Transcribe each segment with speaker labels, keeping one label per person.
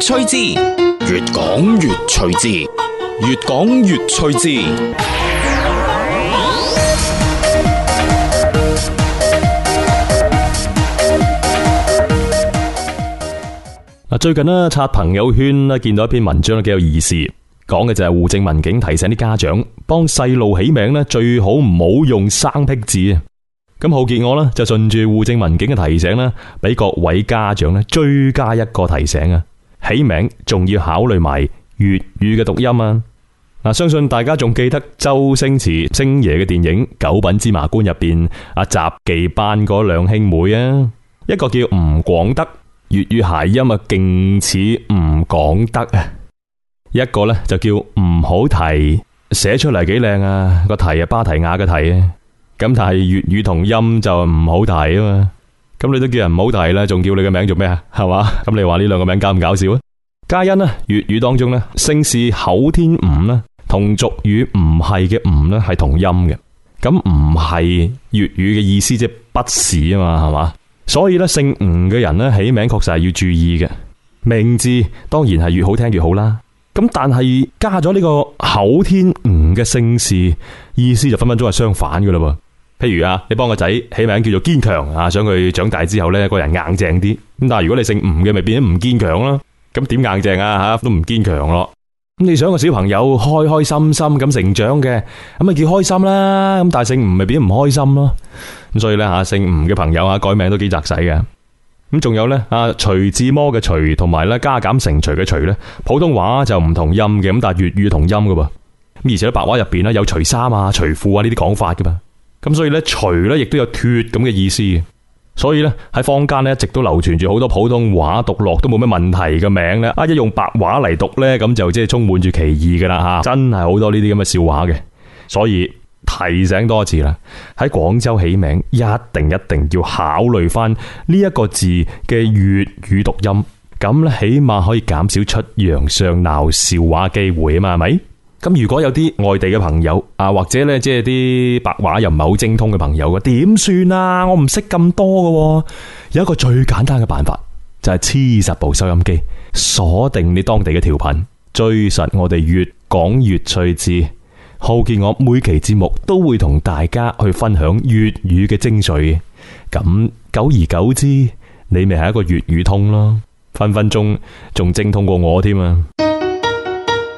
Speaker 1: 趣之，越講越趣之。
Speaker 2: 越講越趣字。最近咧刷朋友圈咧，見到一篇文章咧，幾有意思，講嘅就係戶政民警提醒啲家長，幫細路起名咧，最好唔好用生僻字啊。咁浩傑我咧就順住戶政民警嘅提醒咧，俾各位家長咧追加一個提醒啊。起名仲要考慮埋粵語嘅讀音啊！嗱、啊，相信大家仲記得周星馳星爺嘅電影《九品芝麻官》入邊阿雜技班嗰兩兄妹啊，一個叫吳廣德，粵語諧音啊，勁似吳廣德啊，一個呢就叫唔好提，寫出嚟，幾靚啊，個提啊芭提雅嘅提啊，咁、啊、但係粵語同音就唔好提啊嘛。咁你都叫人唔好提啦，仲叫你個名做咩啊？係嘛？咁你話呢兩個名搞唔搞笑啊？嘉欣呢，粵語當中呢，姓氏口天吳呢同俗語唔係嘅吳呢係同音嘅。咁唔係粵語嘅意思即係、就是、不是啊嘛，係嘛？所以呢，姓吳嘅人呢，起名確實係要注意嘅。名字當然係越好聽越好啦。咁但係加咗呢個口天吳嘅姓氏，意思就分分鐘係相反嘅啦噃。例如啊，你幫個仔起名叫做堅強啊，想佢長大之後呢個人硬淨啲。咁但係如果你姓吳嘅，咪變咗唔堅強咯。咁點硬淨啊？吓都唔堅強咯。咁你想個小朋友開開心心咁成長嘅，咁咪叫開心啦。咁但係姓吳咪變咗唔開心咯。咁所以咧吓，姓吳嘅朋友啊，改名都幾窄使嘅。咁仲有呢，啊，徐志摩嘅徐同埋咧加減乘除嘅除呢，普通話就唔同音嘅，咁但係粵語同音噶噃。咁而且白話入邊咧有徐衫啊、徐褲啊呢啲講法嘅嘛。咁所以咧，除咧，亦都有脫咁嘅意思。所以咧，喺坊間咧，一直都流傳住好多普通話讀落都冇咩問題嘅名咧，啊，一用白話嚟讀咧，咁就即係充滿住歧義噶啦吓，真係好多呢啲咁嘅笑話嘅。所以提醒多一次啦，喺廣州起名，一定一定要考慮翻呢一個字嘅粵語讀音，咁起碼可以減少出洋相鬧笑話機會啊嘛，係咪？咁如果有啲外地嘅朋友啊，或者呢即係啲白話又唔係好精通嘅朋友嘅，點算啊？我唔識咁多嘅，啊，有一個最簡單嘅辦法，就係黐實部收音機，鎖定你當地嘅調頻，追實我哋越講越趣致，浩見我每期節目都會同大家去分享粵語嘅精髓，咁久而久之，你咪係一個粵語通咯，分分鐘仲精通過我添啊！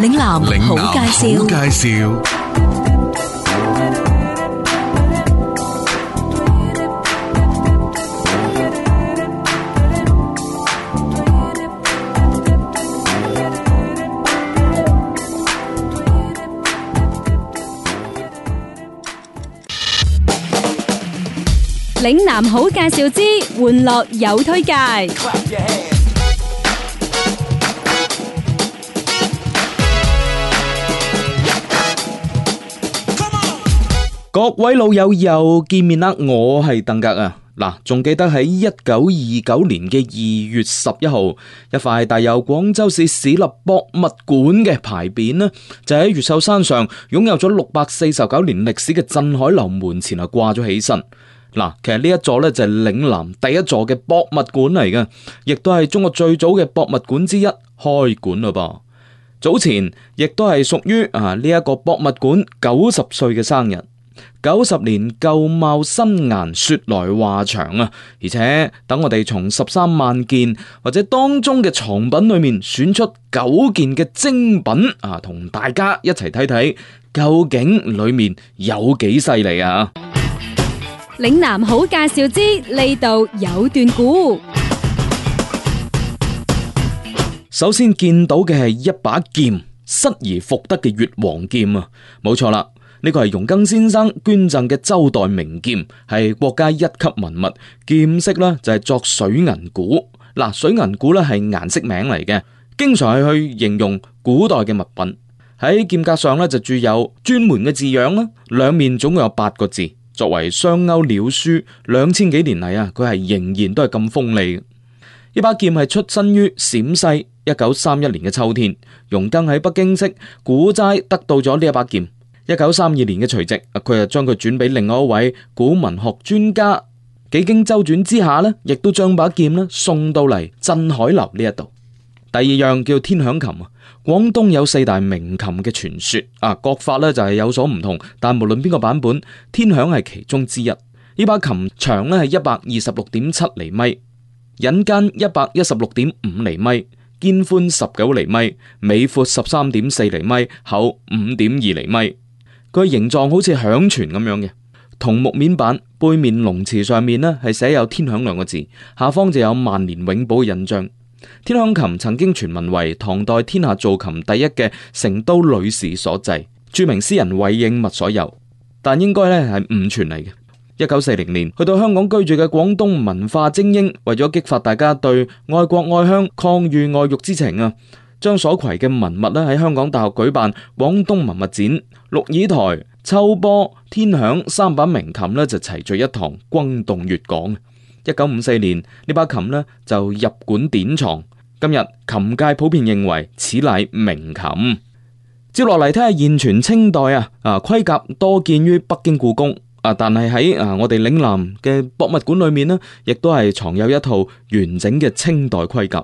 Speaker 3: 嶺南好介紹，嶺
Speaker 4: 南好介紹。
Speaker 3: 嶺南好介紹之玩樂有推介。
Speaker 1: 各位老友又見面啦，我係鄧格啊。嗱，仲記得喺一九二九年嘅二月十一號，一塊帶有廣州市市立博物館嘅牌匾呢，就喺越秀山上擁有咗六百四十九年歷史嘅鎮海樓門前啊掛咗起身。嗱，其實呢一座呢，就係嶺南第一座嘅博物館嚟嘅，亦都係中國最早嘅博物館之一開館咯。噃，早前亦都係屬於啊呢一個博物館九十歲嘅生日。九十年舊貌新顏，說來話長啊！而且等我哋從十三萬件或者當中嘅藏品裏面選出九件嘅精品啊，同大家一齊睇睇究竟裏面有幾犀利啊！
Speaker 3: 嶺南好介紹之呢度有段古。
Speaker 1: 首先見到嘅係一把劍，失而復得嘅越王劍啊，冇錯啦。呢個係容庚先生捐贈嘅周代名劍，係國家一級文物。劍式呢，就係、是、作水銀古嗱，水銀古呢係顏色名嚟嘅，經常係去形容古代嘅物品。喺劍格上呢，就注有專門嘅字樣啦，兩面總共有八個字，作為雙鈎鳥書。兩千幾年嚟啊，佢係仍然都係咁鋒利嘅。呢把劍係出身於陝西，一九三一年嘅秋天，容庚喺北京式古齋得到咗呢一把劍。一九三二年嘅除夕，佢就將佢轉俾另外一位古文學專家。幾經周轉之下呢，亦都將把劍咧送到嚟鎮海樓呢一度。第二樣叫天響琴啊，廣東有四大名琴嘅傳說啊，各法呢就係有所唔同，但無論邊個版本，天響係其中之一。呢把琴長呢係一百二十六點七厘米，引間一百一十六點五厘米，肩寬十九厘米，尾闊十三點四厘米，厚五點二厘米。佢形狀好似響泉咁樣嘅桐木面板，背面龍池上面呢係寫有天蠁兩個字，下方就有萬年永寶印章。天蠁琴曾經傳聞為唐代天下造琴第一嘅成都雷氏所製，著名詩人韋應物所有，但應該呢係誤傳嚟嘅。一九四零年去到香港居住嘅廣東文化精英，為咗激發大家對愛國愛鄉、抗禦外辱之情啊，將所攜嘅文物呢喺香港大學舉辦廣東文物展。鹿耳台、秋波、天響三把名琴呢，就齊聚一堂，轟動粵港。一九五四年呢把琴呢就入館典藏。今日琴界普遍認為此乃名琴。接落嚟睇下現存清代啊啊盔甲多見於北京故宮啊，但係喺啊我哋嶺南嘅博物館裏面呢，亦都係藏有一套完整嘅清代盔甲。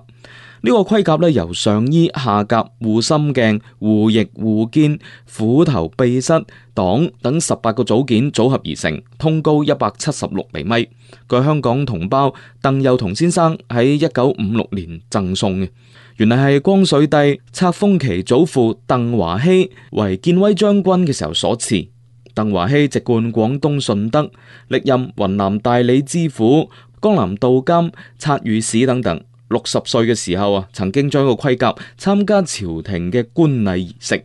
Speaker 1: 呢個盔甲呢，由上衣、下甲、護心鏡、護翼、護肩、斧頭、臂塞、擋等十八個組件組合而成，通高一百七十六厘米。據香港同胞鄧佑彤先生喺一九五六年贈送嘅，原嚟係光緒帝冊封其祖父鄧華熙為建威將軍嘅時候所賜。鄧華熙籍貫廣東順德，歷任雲南大理知府、江南道監察御史等等。六十歲嘅時候啊，曾經着個盔甲參加朝廷嘅官禮儀式。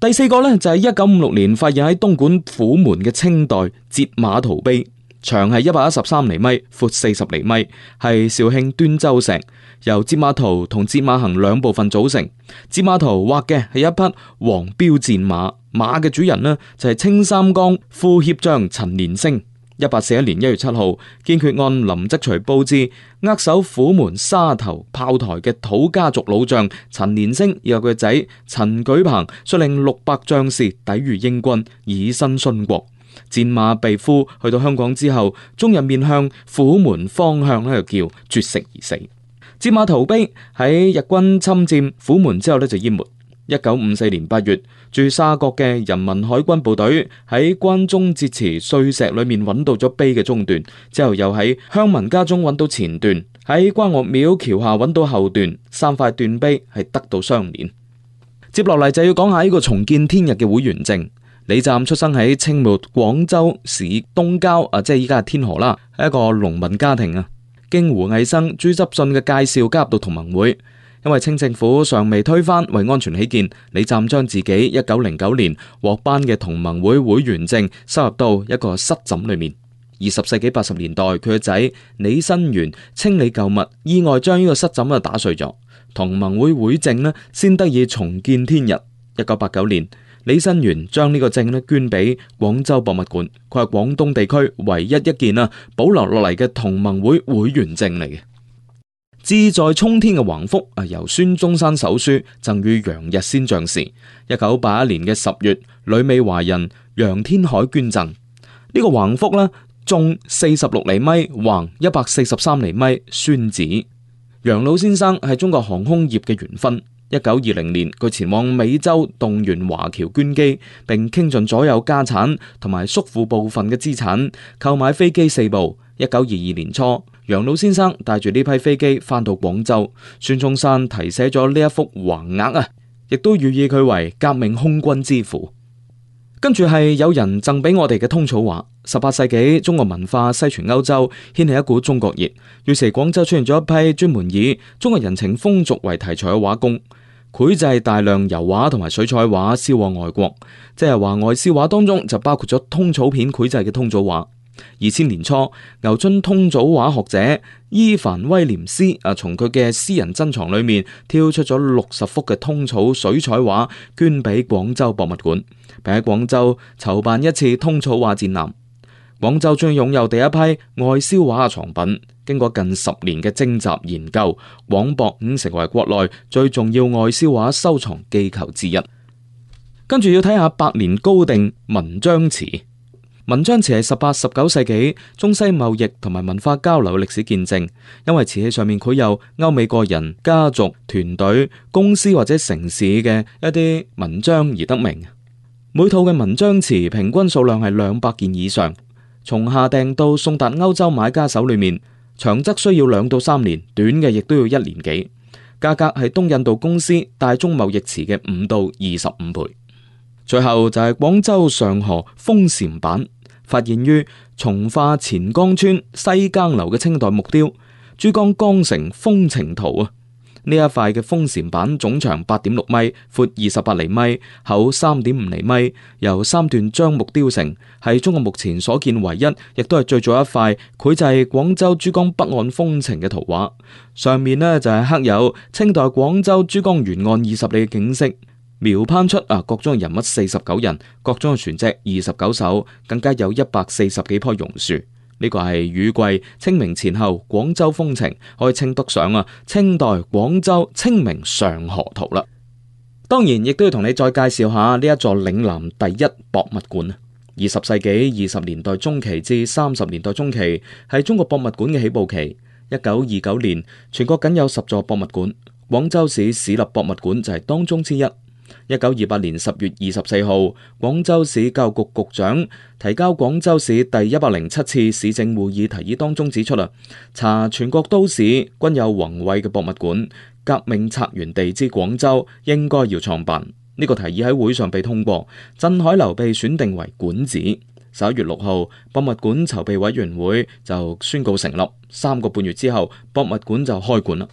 Speaker 1: 第四個呢，就係一九五六年發現喺東莞虎門嘅清代節馬圖碑，長係一百一十三厘米，闊四十厘米，係肇慶端州城，由節馬圖同節馬行兩部分組成。節馬圖畫嘅係一匹黃標戰馬，馬嘅主人呢就係、是、清三江副協將陳連升。一八四一年一月七號，堅決按林則徐布置，扼守虎門沙頭炮台嘅土家族老將陳連升，又佢嘅仔陳舉鵬，率領六百將士抵禦英軍，以身殉國。戰馬被俘，去到香港之後，終日面向虎門方向呢度叫絕食而死。戰馬逃兵喺日軍侵佔虎門之後呢，就淹沒。一九五四年八月，住沙角嘅人民海軍部隊喺關中截池碎石裏面揾到咗碑嘅中段，之後又喺鄉民家中揾到前段，喺關岳廟橋下揾到後段，三塊斷碑係得到相連。接落嚟就要講下呢個重見天日嘅會員證。李湛出生喺清末廣州市東郊啊，即係依家係天河啦，係一個農民家庭啊，經胡毅生朱執信嘅介紹加入到同盟會。因為清政府尚未推翻，為安全起見，李湛將自己一九零九年獲頒嘅同盟會會員證收入到一個濕枕裏面。二十世紀八十年代，佢個仔李新元清理舊物，意外將呢個濕枕啊打碎咗，同盟會會證咧先得以重見天日。一九八九年，李新元將呢個證咧捐俾廣州博物館，佢係廣東地區唯一一件啊保留落嚟嘅同盟會會員證嚟嘅。志在沖天嘅橫幅啊，由孫中山手書贈予楊日先將士。一九八一年嘅十月，旅美華人楊天海捐贈呢、這個橫幅呢，縱四十六厘米，橫一百四十三厘米，宣紙。楊老先生係中國航空業嘅緣分。一九二零年，佢前往美洲動員華僑捐機，並傾盡所有家產同埋叔父部分嘅資產購買飛機四部。一九二二年初。楊老先生帶住呢批飛機返到廣州，孫中山題寫咗呢一幅橫額啊，亦都寓意佢為革命空軍之父。跟住係有人贈俾我哋嘅通草畫，十八世紀中國文化西傳歐洲，掀起一股中國熱，於是廣州出現咗一批專門以中國人情風俗為題材嘅畫工，繪製大量油畫同埋水彩畫銷往外國。即係話外銷畫當中就包括咗通草片繪製嘅通草畫。二千年初，牛津通草畫學者伊凡威廉斯啊，從佢嘅私人珍藏裏面挑出咗六十幅嘅通草水彩畫，捐俾廣州博物館，並喺廣州籌辦一次通草畫展覽。廣州將擁有第一批外銷畫嘅藏品。經過近十年嘅徵集研究，廣博已成為國內最重要外銷畫收藏機構之一。跟住要睇下百年高定文章詞。文章紋章瓷係十八、十九世紀中西貿易同埋文化交流嘅歷史見證，因為瓷器上面佢有歐美個人、家族、團隊、公司或者城市嘅一啲紋章而得名。每套嘅紋章瓷平均數量係兩百件以上，從下訂到送達歐洲買家手裏面，長則需要兩到三年，短嘅亦都要一年幾。價格係東印度公司大宗貿易紋章瓷嘅五到二十五倍。最後就係廣州上河封檐板，發現於從化前江村西江樓嘅清代木雕珠江江城風情圖啊！呢一塊嘅封檐板總長八點六米，闊二十八厘米，厚三點五厘米，由三段樟木雕成，係中國目前所見唯一，亦都係最早一塊繪製廣州珠江北岸風情嘅圖畫。上面呢，就係、是、刻有清代廣州珠江沿岸二十里嘅景色。描攀出啊，各種人物四十九人，各種船隻二十九艘，更加有一百四十幾棵榕樹。呢個係雨季清明前後廣州風情，可以稱得上啊清代廣州清明上河圖啦。當然，亦都要同你再介紹下呢一座嶺南第一博物館。二十世紀二十年代中期至三十年代中期係中國博物館嘅起步期。一九二九年，全國僅有十座博物館，廣州市市立博物館就係當中之一。一九二八年十月二十四號，廣州市教育局局長提交廣州市第一百零七次市政會議，提議當中指出啦，查全國都市均有宏偉嘅博物館，革命策源地之廣州應該要創辦。呢個提議喺會上被通過，鎮海樓被選定為館址。十一月六號，博物館籌備委員會就宣告成立，三個半月之後，博物館就開館啦。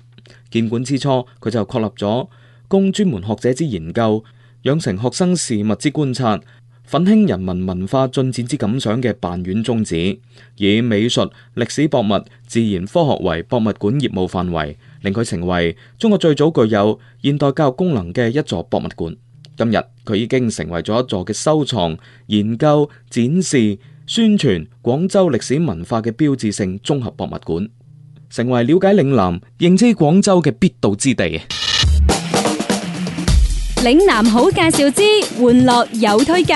Speaker 1: 建館之初，佢就確立咗。供專門學者之研究，養成學生事物之觀察，奮興人民文化進展之感想嘅辦院宗旨，以美術、歷史、博物、自然科學為博物館業務範圍，令佢成為中國最早具有現代教育功能嘅一座博物館。今日佢已經成為咗一座嘅收藏、研究、展示、宣傳廣州歷史文化嘅標誌性綜合博物館，成為了解嶺南、認知廣州嘅必到之地。
Speaker 3: 嶺南好介紹之，玩樂有推介。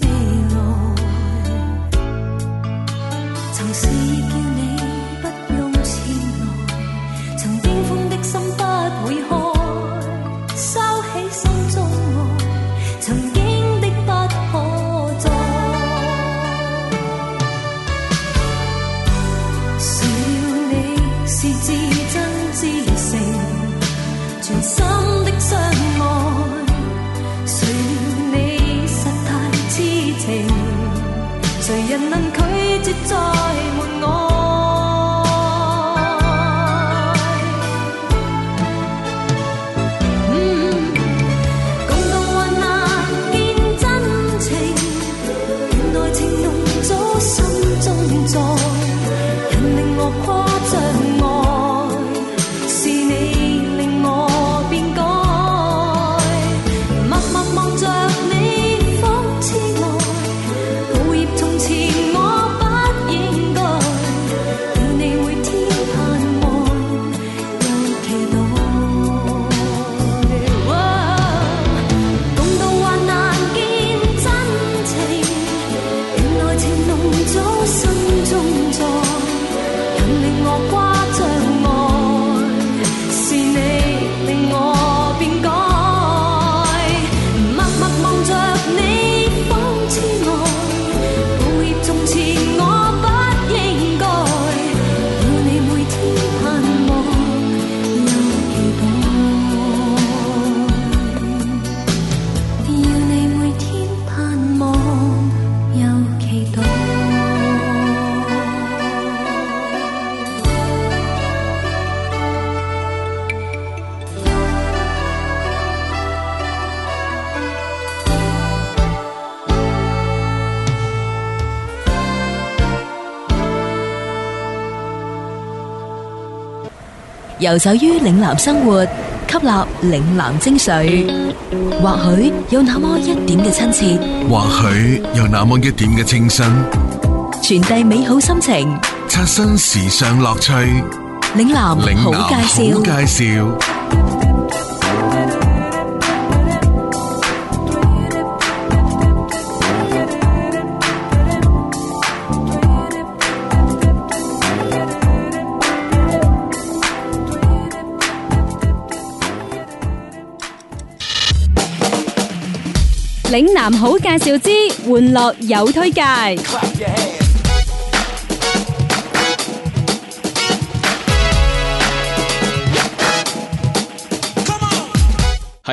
Speaker 3: 遊走於嶺南生活，吸納嶺南精髓，或許有那麼一點嘅親切，
Speaker 4: 或許有那麼一點嘅清新，
Speaker 3: 傳遞美好心情，
Speaker 4: 刷新時尚樂趣。
Speaker 3: 嶺南
Speaker 4: 好介紹。
Speaker 3: 嶺南好介紹之，玩樂有推介。
Speaker 1: 喺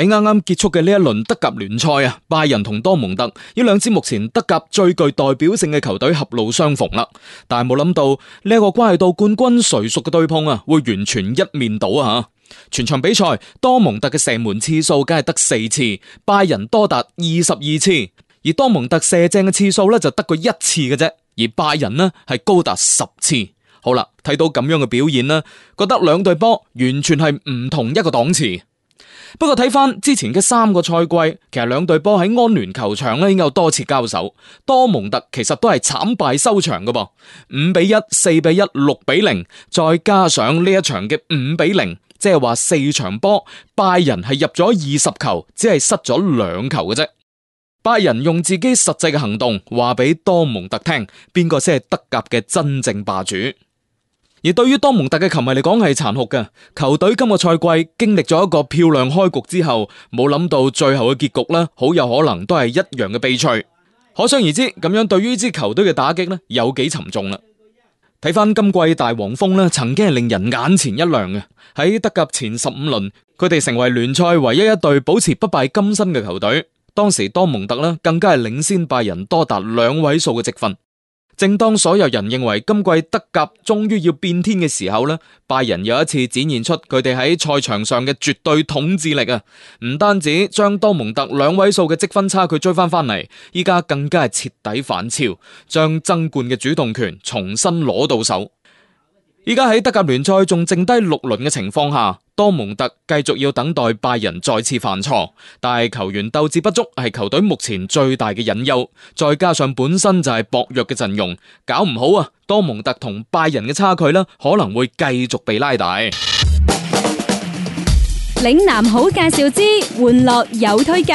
Speaker 1: 啱啱結束嘅呢一輪德甲聯賽啊，拜仁同多蒙特呢兩支目前德甲最具代表性嘅球隊狹路相逢啦，但係冇諗到呢一個關係到冠軍誰屬嘅對碰啊，會完全一面倒啊！全場比賽，多蒙特嘅射門次數梗係得四次，拜仁多達二十二次。而多蒙特射正嘅次數咧就得過一次嘅啫，而拜仁呢係高達十次。好啦，睇到咁樣嘅表現呢，覺得兩隊波完全係唔同一個檔次。不過睇翻之前嘅三個賽季，其實兩隊波喺安聯球場呢，已經有多次交手。多蒙特其實都係慘敗收場嘅噃，五比一、四比一、六比零，再加上呢一場嘅五比零。即係話四場波，拜仁係入咗二十球，只係失咗兩球嘅啫。拜仁用自己實際嘅行動話俾多蒙特聽，邊個先係德甲嘅真正霸主。而對於多蒙特嘅球迷嚟講係殘酷嘅，球隊今個賽季經歷咗一個漂亮開局之後，冇諗到最後嘅結局呢，好有可能都係一樣嘅悲催。可想而知，咁樣對於支球隊嘅打擊呢，有幾沉重啦。睇翻今季大黃蜂咧，曾經係令人眼前一亮嘅。喺德甲前十五輪，佢哋成為聯賽唯一一隊保持不敗金身嘅球隊。當時多蒙特咧，更加係領先拜仁多達兩位數嘅積分。正當所有人認為今季德甲終於要變天嘅時候呢，拜仁又一次展現出佢哋喺賽場上嘅絕對統治力啊！唔單止將多蒙特兩位數嘅積分差距追翻翻嚟，依家更加係徹底反超，將爭冠嘅主動權重新攞到手。依家喺德甲聯賽仲剩低六輪嘅情況下，多蒙特繼續要等待拜仁再次犯錯，但係球員鬥志不足係球隊目前最大嘅隱憂，再加上本身就係薄弱嘅陣容，搞唔好啊！多蒙特同拜仁嘅差距啦，可能會繼續被拉大。
Speaker 3: 嶺南好介紹之，玩樂有推介。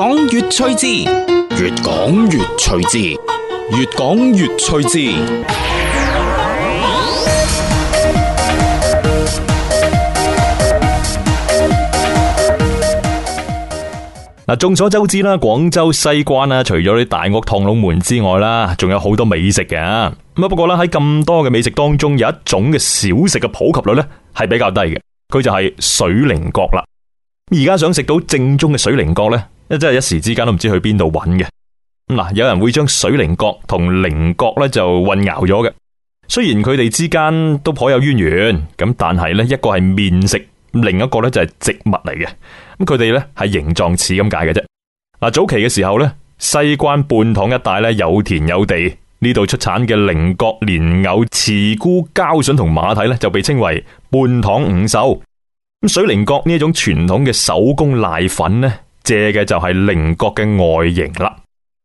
Speaker 1: 越講越趣字，越講越趣字，越講越
Speaker 2: 趣字。嗱，眾所周知啦，廣州西關啦，除咗啲大屋、趟櫳門之外啦，仲有好多美食嘅。咁啊，不過啦，喺咁多嘅美食當中，有一種嘅小食嘅普及率咧，係比較低嘅。佢就係水菱角啦。而家想食到正宗嘅水菱角咧？真係一時之間都唔知去邊度揾嘅。嗱，有人會將水靈角同菱角咧就混淆咗嘅。雖然佢哋之間都頗有淵源，咁但係咧一個係麵食，另一個咧就係植物嚟嘅。咁佢哋咧係形狀似咁解嘅啫。嗱，早期嘅時候咧，西關半塘一帶咧有田有地，呢度出產嘅菱角、蓮藕、茨菇、膠筍同馬蹄咧就被稱為半塘五秀。咁水靈角呢一種傳統嘅手工瀨粉呢？借嘅就係菱角嘅外形啦。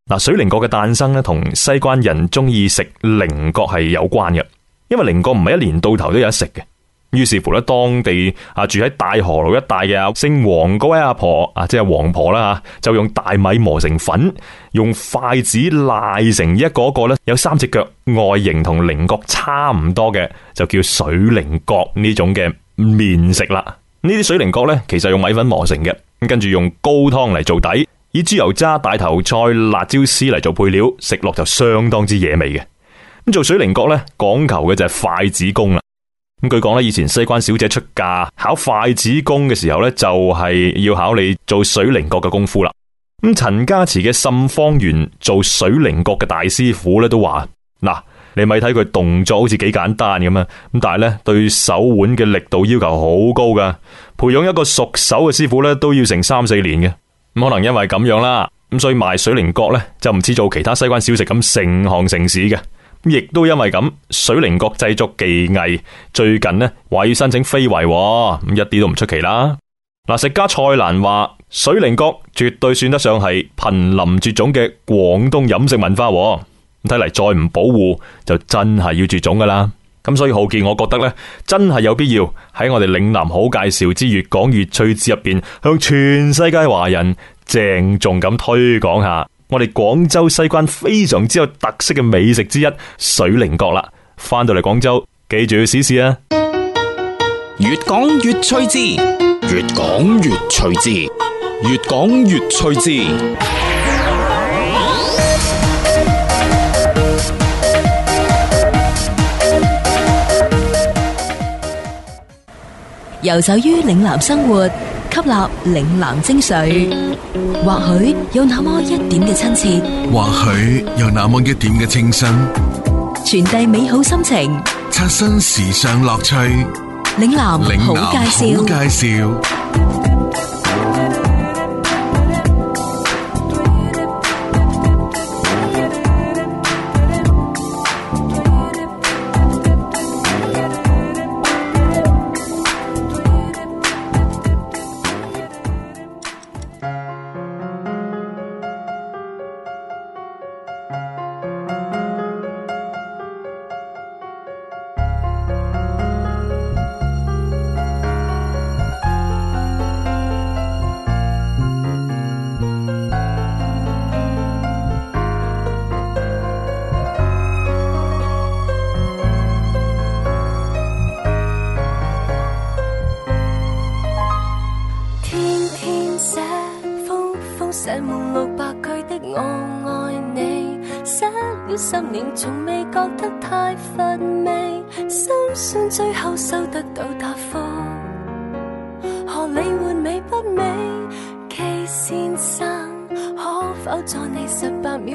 Speaker 2: 嗱，水菱角嘅誕生咧，同西關人中意食菱角係有關嘅，因為菱角唔係一年到頭都有得食嘅。於是乎咧，當地啊住喺大河路一帶嘅姓黃嗰位阿婆啊，即係黃婆啦吓，就用大米磨成粉，用筷子瀨成一個一個咧，有三隻腳，外形同菱角差唔多嘅，就叫水菱角呢種嘅麵食啦。呢啲水菱角咧，其實用米粉磨成嘅。跟住用高湯嚟做底，以豬油渣、大頭菜、辣椒絲嚟做配料，食落就相當之惹味嘅。咁做水菱角咧，講求嘅就係筷子功啦。咁據講咧，以前西關小姐出嫁考筷子功嘅時候咧，就係要考你做水菱角嘅功夫啦。咁陳家祠嘅沁芳園做水菱角嘅大師傅咧，都話嗱。你咪睇佢動作好似幾簡單咁啊！咁但係咧，對手腕嘅力度要求好高噶，培養一個熟手嘅師傅咧都要成三四年嘅。咁可能因為咁樣啦，咁所以賣水菱角咧就唔似做其他西關小食咁成行城市嘅。亦都因為咁，水菱角製作技藝最近呢話要申請非遺，咁一啲都唔出奇啦。嗱，食家蔡瀾話，水菱角絕對算得上係瀕臨絕種嘅廣東飲食文化。睇嚟再唔保護就真係要絕種噶啦！咁所以浩健，我覺得咧真係有必要喺我哋嶺南好介紹之越講越趣字入邊，向全世界華人鄭重咁推廣下我哋廣州西關非常之有特色嘅美食之一——水菱角啦！翻到嚟廣州，記住要試試啊！越講越趣字，越講越趣字，越講越趣字。
Speaker 3: 遊走於嶺南生活，吸納嶺南精髓，或許有那麼一點嘅親切，
Speaker 4: 或許有那麼一點嘅清新，
Speaker 3: 傳遞美好心情，
Speaker 4: 刷新時尚樂趣。
Speaker 3: 嶺南，好介
Speaker 4: 紹。